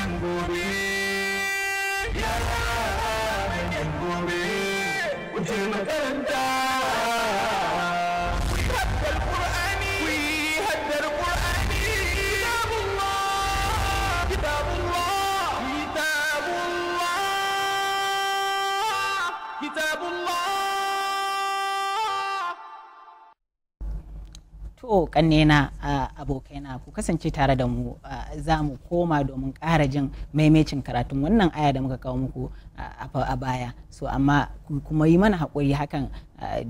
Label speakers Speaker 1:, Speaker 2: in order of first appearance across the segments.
Speaker 1: yeah, manyan gobe yara manyan gobe wuce makaranta
Speaker 2: To kannena abokaina ku kasance tare da mu za mu koma domin ƙara jin maimacin karatun wannan aya da muka kawo muku a baya. So amma kuma yi mana haƙuri hakan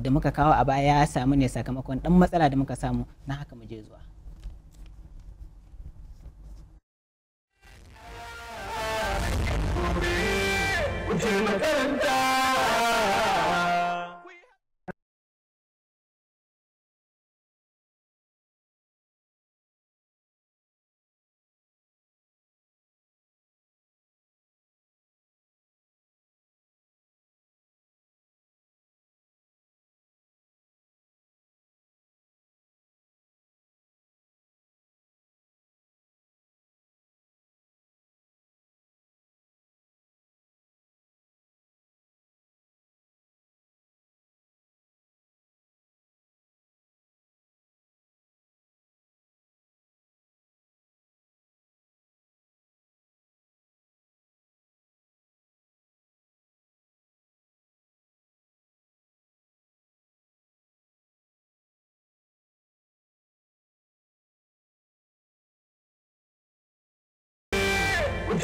Speaker 2: da muka kawo a baya ya samu ne sakamakon ɗan matsala da muka samu na haka mu je zuwa.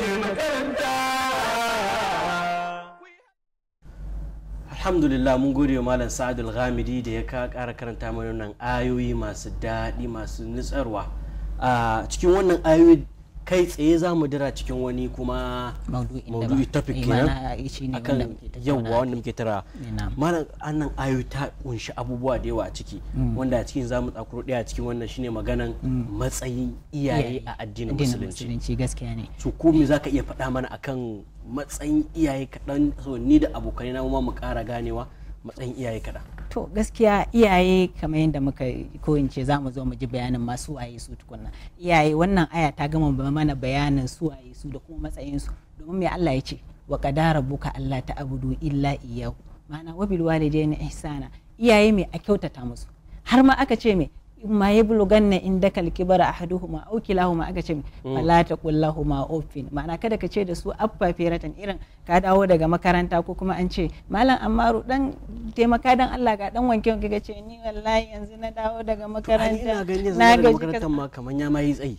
Speaker 2: je makaranta
Speaker 3: alhamdulillah mun gode wa malam sa'adul ghamidi da ya kara karanta mana wannan ayoyi masu daɗi masu nutsarwa a cikin wannan ayoyi kai tsaye za mu dira cikin wani kuma
Speaker 2: maudu'i topic eh, a akan yawwa wanda muke tara eh,
Speaker 3: malam annan ayu ta kunshi abubuwa da yawa a ciki mm. wanda a cikin za mu tsakuro daya cikin wannan shine maganan mm. matsayin iyaye a addinin musulunci
Speaker 2: gaskiya ne to ko me eh.
Speaker 3: zaka iya faɗa mana akan matsayin iyaye kaɗan so ni da abokai na mu kara ganewa matsayin iyaye kaɗan
Speaker 2: to gaskiya iyaye kamar yadda muka ko in ce za mu zo mu ji bayanin ma su waye su tukunna iyaye wannan aya ta gama mana bayanin su waye su da kuma matsayin su domin me Allah ya ce wa qadara buka Allah ta abudu illa iyyahu ma'ana wa bil walidaini ihsana iyaye me a kyautata musu har ma aka ce me ma ya buluganna in daka alkibara ahaduhuma auki lahuma aka ce malata mm. taqul huma ofin ma'ana kada ka ce da su abba firatan irin ka dawo daga makaranta ko kuma an ce malam ammaru dan taimaka dan Allah ga dan wanke wanke ka ce ni wallahi yanzu na dawo daga makaranta na ga makarantar
Speaker 3: ma kaman ya ma yi tsayi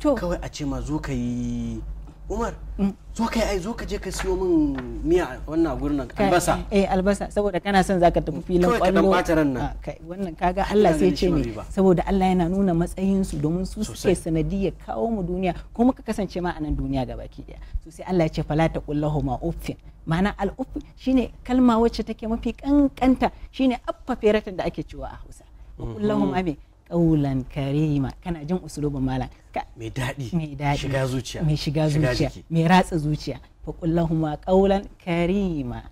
Speaker 3: kawai a ce ma zo ka yi
Speaker 2: umar mm. zo
Speaker 3: kai ai zo ka je ka siyo min
Speaker 2: miya wannan gurin albasa eh albasa saboda kana son zaka tafi filin kwallo kai ran nan ah, kai wannan kaga Allah sai ce ne saboda Allah yana nuna matsayin su domin su suke sanadiyar kawo mu duniya kuma ka kasance ma a nan duniya gabaki daya to sai Allah ya ce fala kullahu ma uffin ma'ana al al'uff shine kalma wacce take mafi kankanta shine affafe ratan da ake cewa a Hausa kullahu mhm. ma me ƙaulan karima kana jin usulubin malam mai daɗi mai shiga zuciya mai shiga zuciya mai ratsa zuciya fa kullahuma ƙaulan karima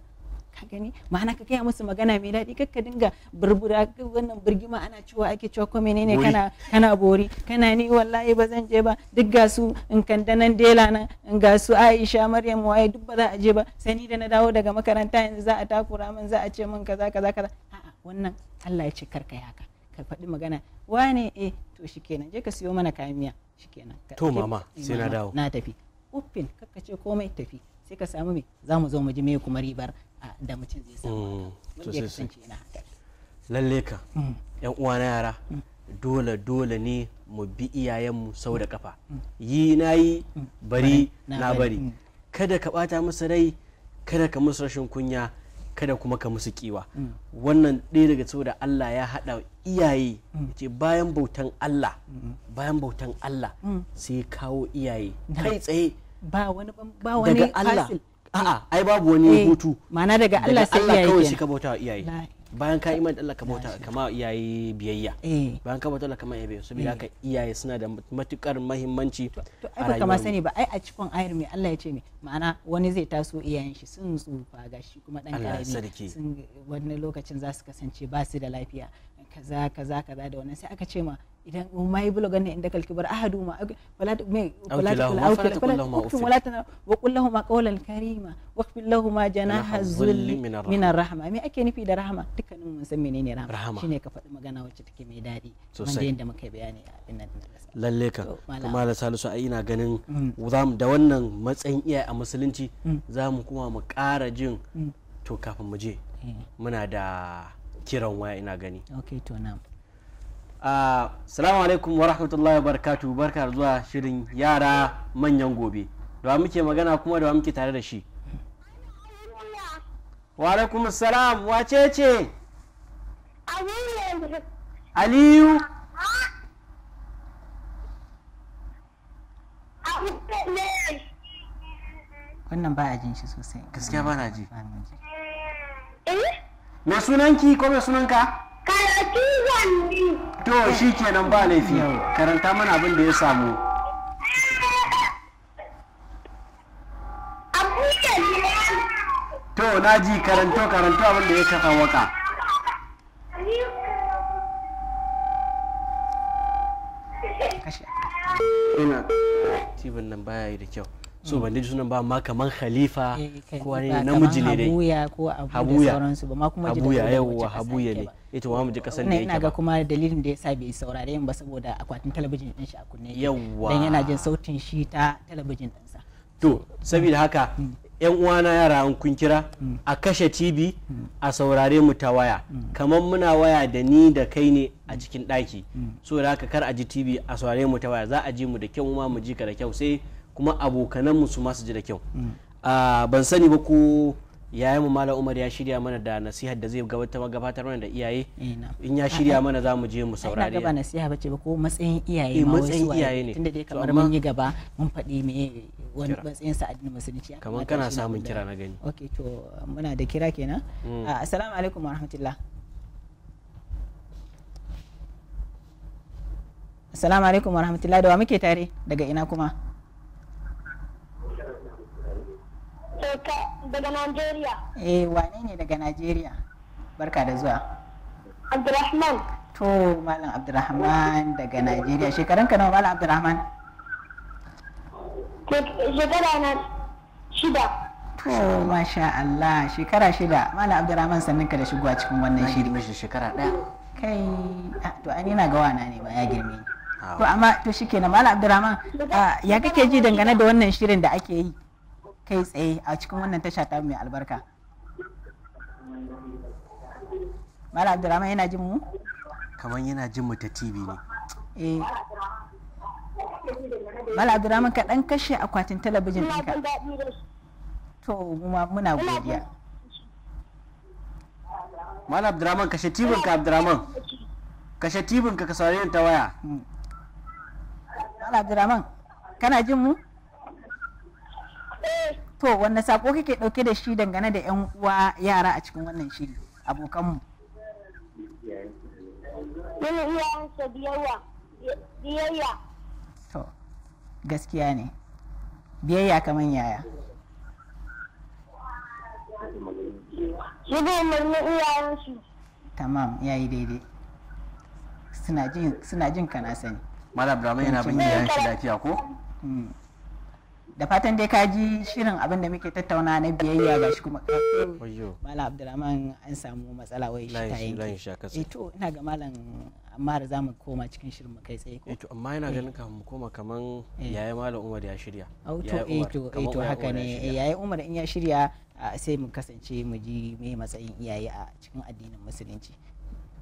Speaker 2: ka gani ma'ana ka kai musu magana mai daɗi kakka dinga burbura wannan birgima ana cewa ake cewa ko menene kana kana bori kana ni wallahi ba zan je ba duk ga su in kanda nan dela na. in ga su Aisha Maryam waye duk ba za a je ba sai ni da na dawo daga makaranta yanzu za a takura min za a ce min kaza kaza kaza a'a wannan Allah ya ce karka haka ka faɗi magana wane eh to shikenan je ka siyo mana kayan miya shikenan to mama eh, sai na dawo na tafi uffin kakka ce komai tafi sai ka samu me za mu zo mu ji me kuma ribar da mutum zai samu mm, to sai sai
Speaker 3: lalle ka mm. yan uwa na yara mm. dole dole ne mu bi iyayenmu sau da kafa yi na yi bari na bari kada ka bata musu rai kada ka musu rashin kunya kada kuma ka musu kiwa wannan ɗaya daga saboda Allah ya haɗa iyaye ce bayan bautan Allah bayan bautan Allah sai kawo iyaye kai
Speaker 2: tsaye ba wani ba wani daga Allah a'a ai babu wani eh, hutu ma'ana daga Allah sai iyaye kawai shi ka
Speaker 3: bauta wa iyaye bayan ka imanta Allah ka bauta kama iyaye biyayya eh. bayan ka bauta Allah kama iyaye saboda haka eh. iyaye suna da matukar muhimmanci to ai kuma sani
Speaker 2: ba ai a cikin ayar mai Allah ya ce ne ma'ana wani zai taso iyayen shi sun tsufa gashi kuma dan karami sun wani lokacin za su kasance ba su da lafiya kaza kaza kaza da wannan sai aka ce ma idan ma yi bulogan ne inda kalkibar ahadu ma wala me wala wala tana wa qul lahum qawlan karima wa qul lahum janaha zulli min rahma me ake nufi da rahma dukkanin mun san menene rahma shine ka faɗi magana wacce take mai daɗi wanda yanda muka yi bayani a dinnan
Speaker 3: lalle ka kuma da salisu a ina ganin mm. da wannan matsayin iyaye a musulunci mm. za mu kuma mu ƙara jin mm. to kafin mu je eh. muna da kiran waya ina gani ok to na ah, alaikum wa rahmatullahi wa barakatuhu barka zuwa shirin yara manyan gobe da muke magana kuma da muke tare da shi wa alaikum salam wace ce
Speaker 2: aliyu wannan ba a jin shi sosai gaskiya ba na ji me sunanki ko me sunanka karatu zanni
Speaker 3: to shi kenan ba laifi karanta mana abin da ya samu to na ji karanto karanto abin da ya kafa waka ina tibin nan baya yi da kyau so ban da sunan ba ma kaman khalifa eh, eh, ko ne namiji ne dai habuya ko abu da sauransu ba ma kuma habuya yawa habuya ne ita wa mu ji kasan da yake ina ga
Speaker 2: kuma dalilin da yasa bai saurare yin ba saboda akwatin talabijin din shi a kunne
Speaker 3: yawa dan yana jin
Speaker 2: sautin shi ta talabijin din sa to
Speaker 3: saboda haka mm. yan uwana yara an kun kira mm. a kashe tv mm. a saurare mu ta waya kamar muna waya da ni da kai ne a cikin daki. saboda da haka kar a ji tv a saurare mu ta waya za a ji mu da kyau ma mu ji ka da kyau sai kuma abokananmu su masu ji da kyau ban sani ba ko yayan mu malam umar ya shirya mana da nasihar da zai gabatar mana da iyaye in ya shirya mana za mu je mu saurare ina gaba
Speaker 2: nasiha bace ba ko matsayin iyaye eh, ma matsayin iyaye ne tunda dai kamar mun yi gaba mun faɗi me wani matsayin sa addinin musulunci kamar kana samun kira na gani okay to muna da kira kenan mm. ah, assalamu alaikum wa rahmatullah assalamu alaikum wa rahmatullah da wa muke tare daga ina kuma daga
Speaker 1: Najeriya.
Speaker 2: Eh wane ne daga Najeriya? Barka da zuwa. Abdurrahman. To Malam Abdurrahman daga Najeriya. Shekaran ka nawa Malam Abdurrahman? Shekara na shida. To masha Allah shekara shida Malam Abdurrahman sannin ka da shigowa cikin wannan shiri. Na shekara ɗaya. Kai to an yana gawa na ne ba ya girme. To amma to shikenan Malam Abdurrahman ya kake ji dangane da wannan shirin da ake yi? kai tsaye a cikin wannan tasha ta mai albarka Mala Abdurrahman yana jin mu? Kamar yana jin mu ta TV ne. Eh. Mala Abdurrahman ka dan kashe akwatin talabijin ɗinka. To kuma muna godiya.
Speaker 3: Mala Abdurrahman kashe tibin ka Abdurrahman. Kashe tibin ka ka saurayin ta waya.
Speaker 2: Mala Abdurrahman kana jin mu? to wanne sako kake ɗauke da shi dangane da yan uwa yara a cikin wannan shiri abokanmu
Speaker 1: yana iyayensa biyayya biyayya
Speaker 2: to gaskiya ne biyayya kaman yaya
Speaker 1: shi ne umarnin iyayensu
Speaker 2: tamam yi daidai suna jin kana sani
Speaker 3: malam Abdullahi yana bin iyayen shi lafiya
Speaker 2: ko hmm. da fatan dai ka ji shirin abin da muke tattauna na biyayya ga shi kuma malam abdulrahman an samu matsala wai shi ta yanke eh to ina ga malam amma da za mu koma cikin shirin mu kai tsaye ko eh amma ina ganin eh. kafin mu koma kaman
Speaker 3: yayi malam umar ya shirya auto eh to haka ne
Speaker 2: yayi umar in ya shirya sai mu kasance mu ji me matsayin iyaye a cikin addinin musulunci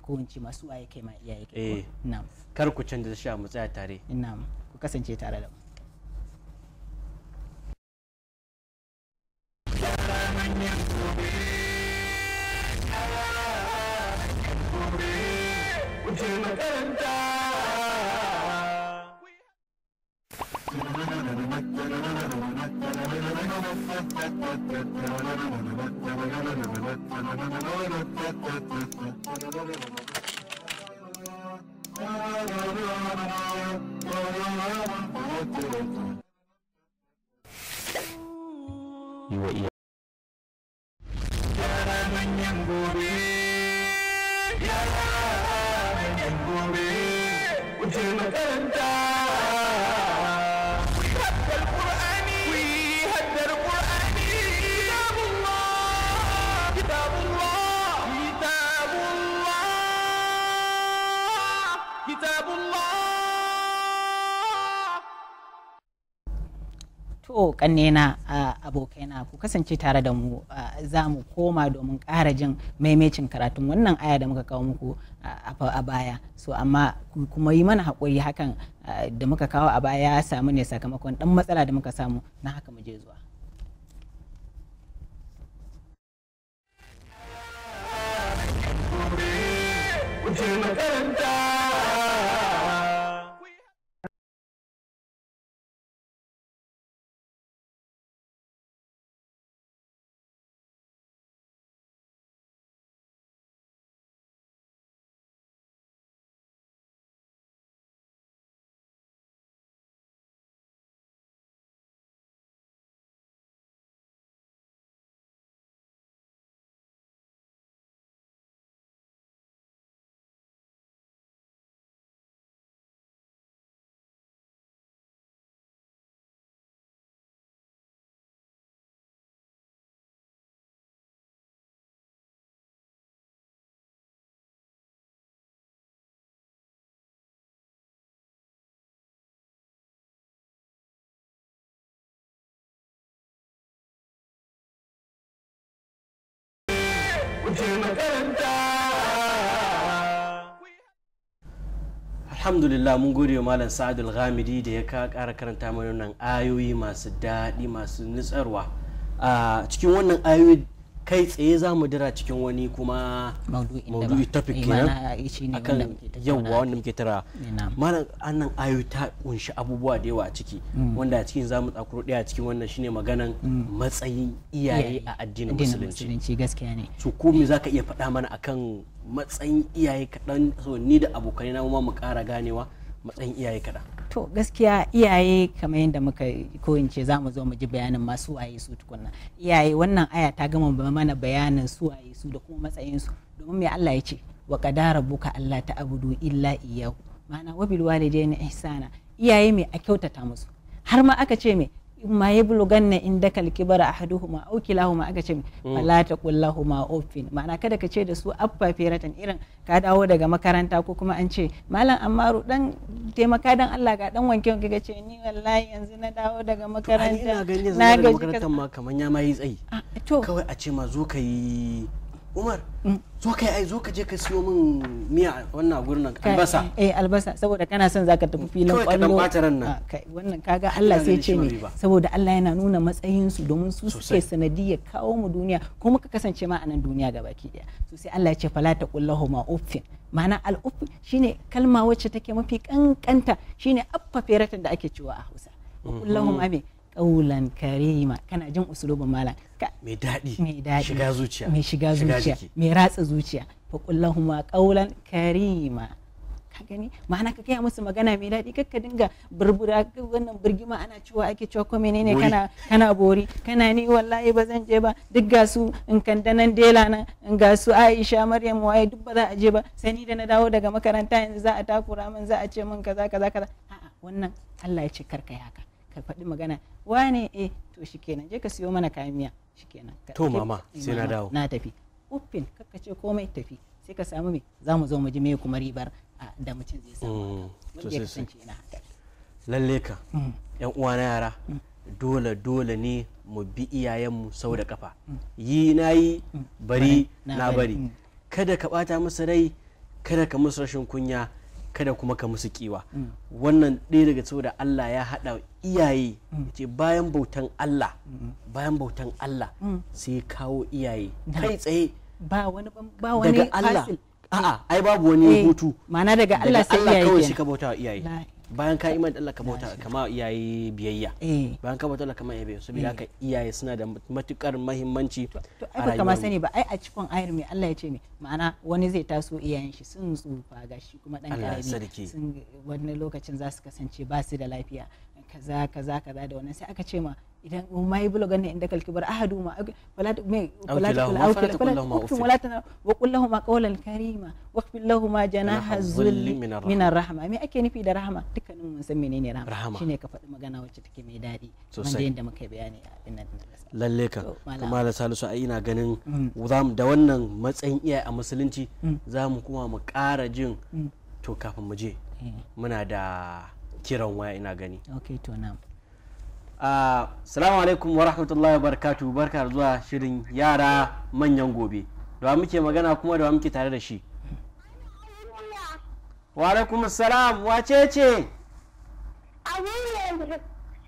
Speaker 2: ko in ce masu waye kai ma iyaye
Speaker 3: kai na'am kar ku canza shi a mu tsaya tare na'am ku kasance
Speaker 2: tare da mu You were you To kannena abokaina ku kasance tare da mu za mu koma domin ƙara jin maimacin karatun wannan aya da muka kawo muku a baya. So amma kuma yi mana haƙuri hakan da muka kawo a baya ya samu ne sakamakon ɗan matsala da muka samu na haka mu je zuwa. je makaranta
Speaker 3: alhamdulillah mun gode wa malam sa'adul ghamidi da ya kara karanta mana wannan ayoyi masu daɗi masu nutsarwa a cikin wannan ayoyi kai tsaye za mu dira cikin wani kuma
Speaker 2: maudu'i topic eh, kenan
Speaker 3: akan yawwa wanda muke tara eh, malam annan ayu ta kunshi abubuwa da yawa a ciki mm. wanda a cikin za mu tsakuro daya cikin wannan shine maganan mm. matsayin iyaye a addinin musulunci gaskiya ne to ko me eh. zaka iya faɗa mana akan matsayin iyaye kaɗan so ni da abokai na mu kara ganewa matsayin iyaye kaɗan
Speaker 2: to gaskiya iyaye kamar yadda muka ko in ce za mu zo mu ji bayanin ma su waye su tukunna iyaye wannan aya ta gama mana bayanin su waye su da kuma matsayin su domin me Allah ya ce wa qadara buka Allah ta abudu illa iyyahu ma'ana wabil walidaini ihsana iyaye me a kyautata musu har ma aka ce me ma bulugan buluganna in a alkibara ahaduhuma auki lahuma aka ce malata mm. taqul huma ofin ma'ana kada ka ce da su abba firatan irin ka dawo daga makaranta ko kuma an ce malam ammaru dan taimaka dan Allah ga dan wanke wanke ka ce ni wallahi yanzu na dawo daga makaranta na ga makarantar
Speaker 3: ma kaman ya ma yi tsayi kawai a ce ma zo ka yi umar mm. zo kai ai zo ka je ka siyo min miya
Speaker 2: wannan gurin albasa eh albasa saboda kana son zaka tafi filin kwallo kai ran nan ah, kai wannan kaga Allah sai ce ne saboda Allah yana nuna matsayin su domin su suke sanadiyar kawo mu duniya kuma ka kasance ma a nan duniya gabaki daya to sai Allah ya ce fala kullahu ma uffin ma'ana al al'uff shine kalma wacce take mafi kankanta shine affafe ratan da ake cewa a Hausa kullahu mhm. ma me ƙaulan karima kana jin usulubin malam mai daɗi mai shiga zuciya mai shiga zuciya mai ratsa zuciya fa kullahuma ƙaulan karima ka gani ma'ana ka kai musu magana mai daɗi kakka dinga burbura wannan birgima ana cewa ake cewa ko menene kana kana bori kana ni wallahi ba zan je ba duk ga su in kanda nan dela na. in ga su Aisha Maryam waye duk ba za a je ba sai ni da na dawo daga makaranta yanzu za a takura min za a ce min kaza kaza kaza a'a wannan Allah ya ce karka yaka, ka faɗi magana wane eh to shikenan je ka siyo mana kayan miya shikenan to mama eh, sai na dawo na tafi uffin kakka ce komai tafi sai ka samu me za mu zo mu ji me kuma ribar da mutum zai samu mm, to sai
Speaker 3: lalle ka mm. yan uwa na yara mm. dole dole ne mu bi iyayenmu sau da kafa yi na yi bari na bari kada ka bata musu rai kada ka musu rashin kunya kada kuma ka musu kiwa wannan ɗaya daga saboda Allah ya haɗa iyaye ce bayan bautan Allah bayan bautan Allah sai kawo iyaye kai
Speaker 2: tsaye ba wani ba wani daga Allah
Speaker 3: a'a ai babu wani eh, hutu ma'ana daga Allah sai iyaye kawai shi ka bauta wa iyaye bayan ka imanta Allah ka bauta kama iyaye biyayya eh. bayan ka bauta Allah kama iyaye saboda haka eh. iyaye suna da matukar muhimmanci to
Speaker 2: ai kuma sani ba ai a cikin ayar mai Allah ya ce me ma'ana wani zai taso iyayen shi sun tsufa gashi kuma dan karami sun wani lokacin za su kasance ba su da lafiya kaza kaza kaza da wannan sai aka ce ma idan umai bulugan ne indakal kibar ahaduma wala me wala wala wala tana wa qul lahum qawlan karima wa qul lahum janaha zulli min rahma me ake nufi da rahma dukkanin mun san menene rahma shine ka faɗi magana wacce take mai daɗi wanda yanda muka yi bayani a dinnan
Speaker 3: lalle ka kuma da salisu a ina ganin mm. da wannan matsayin iyaye a musulunci mm. za mu kuma mu ƙara jin mm. to kafin mu je eh. muna da kiran waya ina gani okay to na'am Ah, salamu alaikum wa rahmatullahi wa barakatuhu barka da zuwa shirin yara manyan gobe da muke magana kuma da muke tare da shi wa alaikum salam wace ce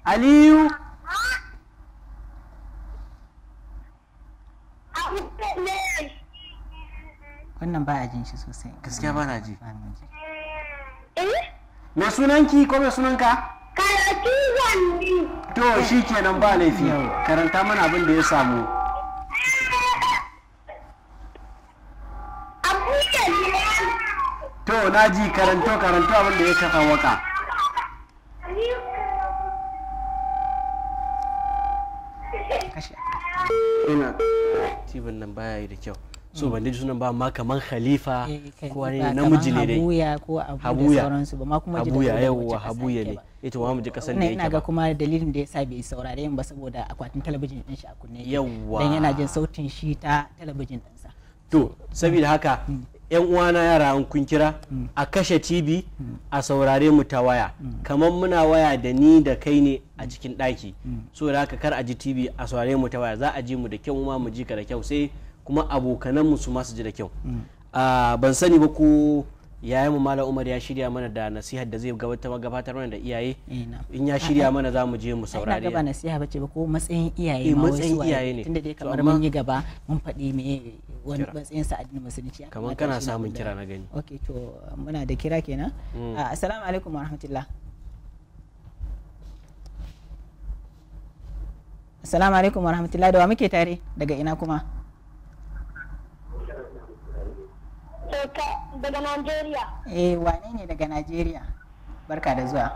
Speaker 2: aliyu wannan ba a jin shi sosai gaskiya ba na ji me sunanki ko me sunanka Karatu zanni.
Speaker 3: To shi kenan ba laifi karanta mana abin da ya samu. To na ji karanto karanto abin da ya kafa waka. Ina. Tibin nan baya yi da kyau. so mm. ban da sunan ba ma kaman khalifa eh, eh, ko wani namiji ne dai habuya ko abu da sauransu ba ma kuma ji habuya yawa habuya ne ita wa mu ji kasan da yake ina ga
Speaker 2: kuma dalilin da yasa bai saurare yin ba saboda akwatin talabijin din shi a kunne yawa dan yana jin sautin shi ta talabijin din sa to saboda
Speaker 3: haka mm. yan uwana yara an kun kira mm. a kashe tv a saurare mu ta waya Kaman muna waya da ni da kai ne a cikin daki. saboda da haka kar a ji tv a saurare mu ta waya za a ji mu da kyau ma mu ji ka da kyau sai kuma abokananmu su masu ji da kyau ban sani ba ko yayan mu malam umar ya shirya mana da nasihar da zai gabatar mana da iyaye in ya shirya mana za mu je mu saurare ina gaba
Speaker 2: nasiha bace ba ko matsayin iyaye eh, ma wasu iyaye ne tunda dai kamar mun yi gaba mun faɗi me wani matsayin sa addinin musulunci kamar kana samun kira na gani okay to muna da kira kenan mm. assalamu alaikum wa rahmatullah assalamu alaikum wa rahmatullah da wa muke tare daga ina kuma
Speaker 3: daga Najeriya.
Speaker 2: Eh wane ne daga Najeriya? Barka da zuwa.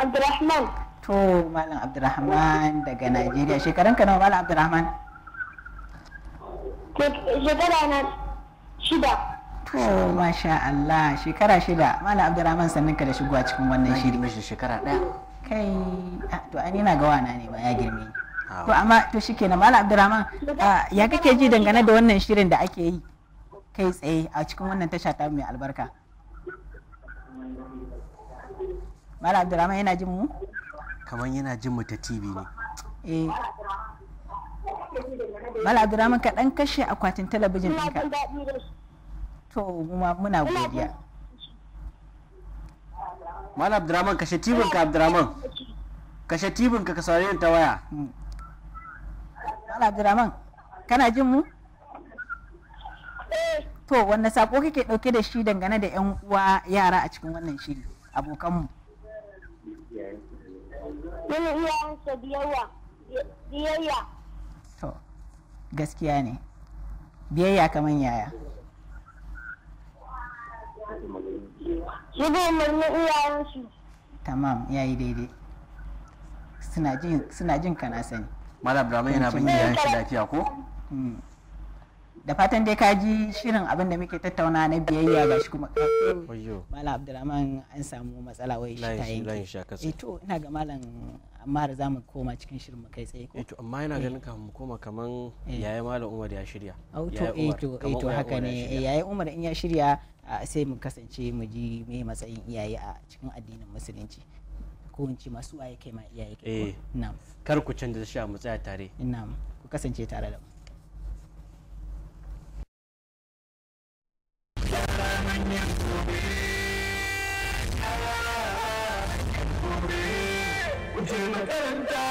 Speaker 2: Abdurrahman. To Malam Abdurrahman daga Najeriya. ka nawa Malam Abdurrahman? Shekara na shida. To masha Allah shekara shida Malam Abdurrahman ka da shigowa cikin wannan shiri. Na shekara ɗaya. Kai to an yana ga wana ne ba ya girme. Ah. To amma to shikenan Malam Abdurrahman ya kake ji dangane da wannan shirin da ake yi? kai tsaye a cikin wannan tasha ta mai albarka Mala Abdurrahma yana jin mu? Kamar yana jin mu ta TV ne. Eh. Mala Abdurrahma ka dan kashe akwatin talabijin ɗinka. To kuma muna godiya.
Speaker 3: Mala Abdurrahman kashe tibin ka Abdurrahman. Kashe tibin ka ka saurayin ta waya. Mm.
Speaker 2: Mala Abdurrahma kana jin mu? to wanne sako kake dauke da shi dangane da yan uwa yara a cikin wannan shiri abokanmu yana iyayensa
Speaker 1: biyayya biyayya
Speaker 2: to gaskiya ne biyayya kaman yaya
Speaker 3: shi ne umarnin iyayensu
Speaker 2: tamam yayi daidai suna jin kana sani
Speaker 3: malam Abdullahi yana bin iyayen shi lafiya ko
Speaker 2: hmm. da fatan dai ka ji shirin abin da muke tattauna na biyayya ga shi kuma malam abdulrahman an samu matsala wai shi ta yanke eh to ina ga malam amma da za mu koma cikin shirin mu kai tsaye ko eh to amma ina ganin eh.
Speaker 3: kafin mu koma kaman yayi malam umar ya shirya auto eh to eh to haka ne yayi
Speaker 2: umar in ya shirya sai mu kasance mu ji me matsayin iyaye a cikin addinin musulunci ko in ce masu waye kai ma iyaye kai
Speaker 3: na'am kar ku canza shi a mu tsaya tare na'am
Speaker 2: ku kasance tare da mu
Speaker 1: wuce makaranta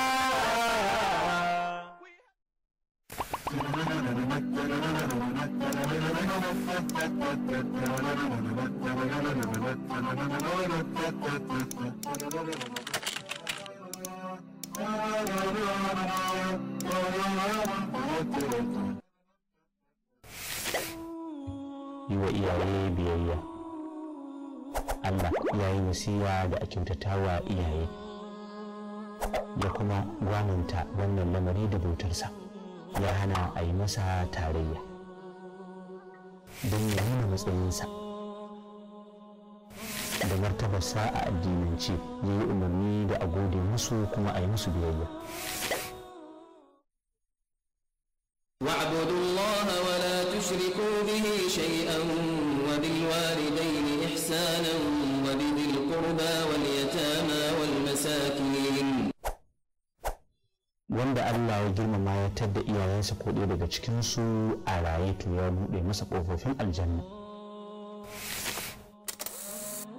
Speaker 1: yi wa iyaye biyayya Allah ya yi wasiya da a kyautatawa iyaye da kuma gwaninta wannan lamari da bautarsa ya hana a yi masa tarayya don ya nuna matsayinsa da martabarsa a addinance ya yi umarni da a gode musu kuma a yi musu biyayya Allah ya girmama ya tadda iyayensa ko ɗaya daga cikinsu a raye to ya buɗe masa kofofin aljanna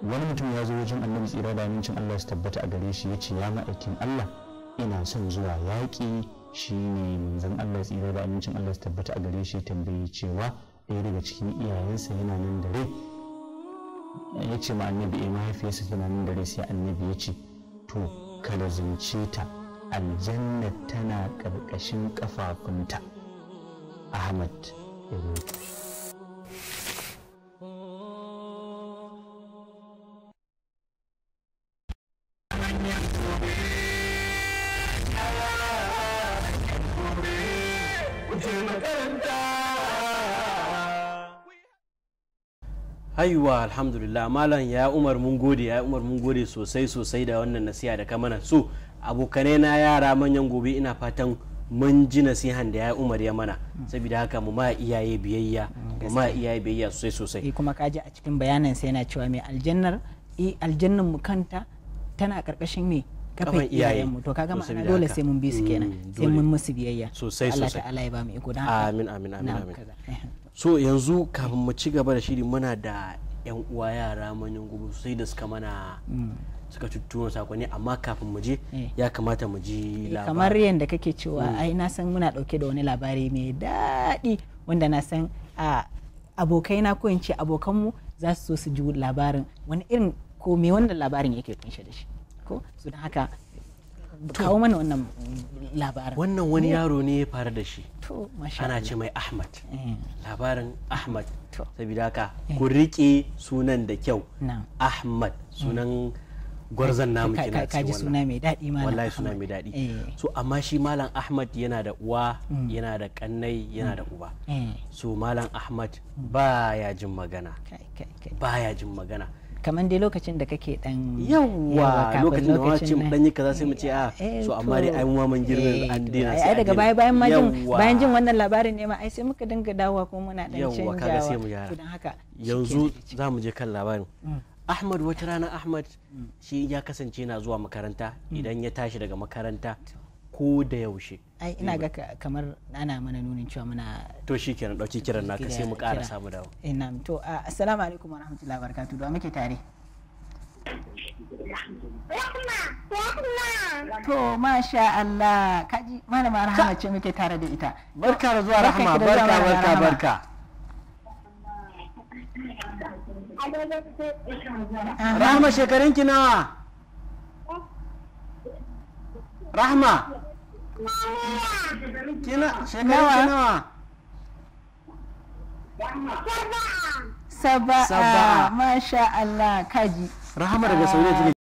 Speaker 1: wani mutum ya zo wajen annabi tsira da amincin Allah su tabbata a gare shi ya ce ya ma'aikin Allah ina son zuwa yaƙi shi ne manzon Allah tsira da amincin Allah su tabbata a gare shi tambayi cewa ɗaya daga cikin iyayensa yana nan da ya ce ma annabi ya eh, mahaifiyarsa yana nan da sai annabi ya ce to ka lazumce ta aljanna tana ƙarƙashin ƙafafunta ahmad ya rubuta
Speaker 3: haiwa alhamdulillah malam ya umar mun gode ya umar mun gode sosai sosai da wannan nasiha da ka so abokanai na yara manyan gobe ina fatan mun ji nasihan da ya umar ya mana
Speaker 2: saboda haka mu ma iyaye biyayya mu ma iyaye biyayya sosai sosai eh, kuma kaji a cikin bayanan sai yana cewa mai aljannar eh, aljannan mu kanta tana karkashin me kafin iyayen mu to kaga ma dole sai mun bi su kenan mm, sai mun musu
Speaker 3: biyayya sosai sosai Allah ta'ala ya
Speaker 2: ba mu iko dan amin amin amin amin
Speaker 3: so yanzu kafin mu ci gaba da shiri muna da yan uwa yara manyan gobe sosai da suka mana mm. suka tuturo sakonni amma kafin mu je eh. ya kamata mu ji eh, labari kamar yadda
Speaker 2: kake cewa mm. ai na san muna dauke da wani labari mai daɗi wanda na san abokai na ko in ce abokanmu za su so su ji labarin wani irin ko me wanda labarin yake kunshe da shi ko su don haka kawo mana wannan labarin wannan wani yaro
Speaker 3: ne ya fara da shi ana ce mai ahmad eh. labarin ahmad saboda haka ku riƙe sunan da kyau ahmad sunan
Speaker 2: gwarzon namu kina ka wannan suna mai daɗi malam wallahi suna mai
Speaker 3: daɗi eh. so amma shi malam ahmad yana da uwa mm. yana da kannai yana da mm. uba eh. so malam ahmad mm. baya jin magana baya
Speaker 2: jin magana kamar dai lokacin da kake dan yawa lokacin da wani cin dan
Speaker 3: yi kaza sai mu ce a ah, eh, so amma dai ai mu mun an dina sai daga baya bayan ma bayan jin
Speaker 2: wannan labarin ne ma ai sai muka dinga dawowa ko muna dan canjawa yawa kaga sai mu yara yanzu
Speaker 3: zamu je kan labarin ahmad wata rana ahmad shi ya kasance na zuwa makaranta idan ya tashi daga makaranta ko da yaushe
Speaker 2: ai ina ga kamar ana mana nunin cewa muna
Speaker 3: to shi kenan dauki kiran naka sai mu ƙara samu dawo
Speaker 2: ina eh, to assalamu alaikum wa rahmatullahi wa barakatuh da muke tare To masha Allah kaji malama Rahama ce muke tare da ita. Barka da zuwa Rahama barka barka barka.
Speaker 1: rahma
Speaker 3: shekarun nawa rahma
Speaker 1: kina
Speaker 2: nawa saba'a masha Allah kaji rahma daga sauye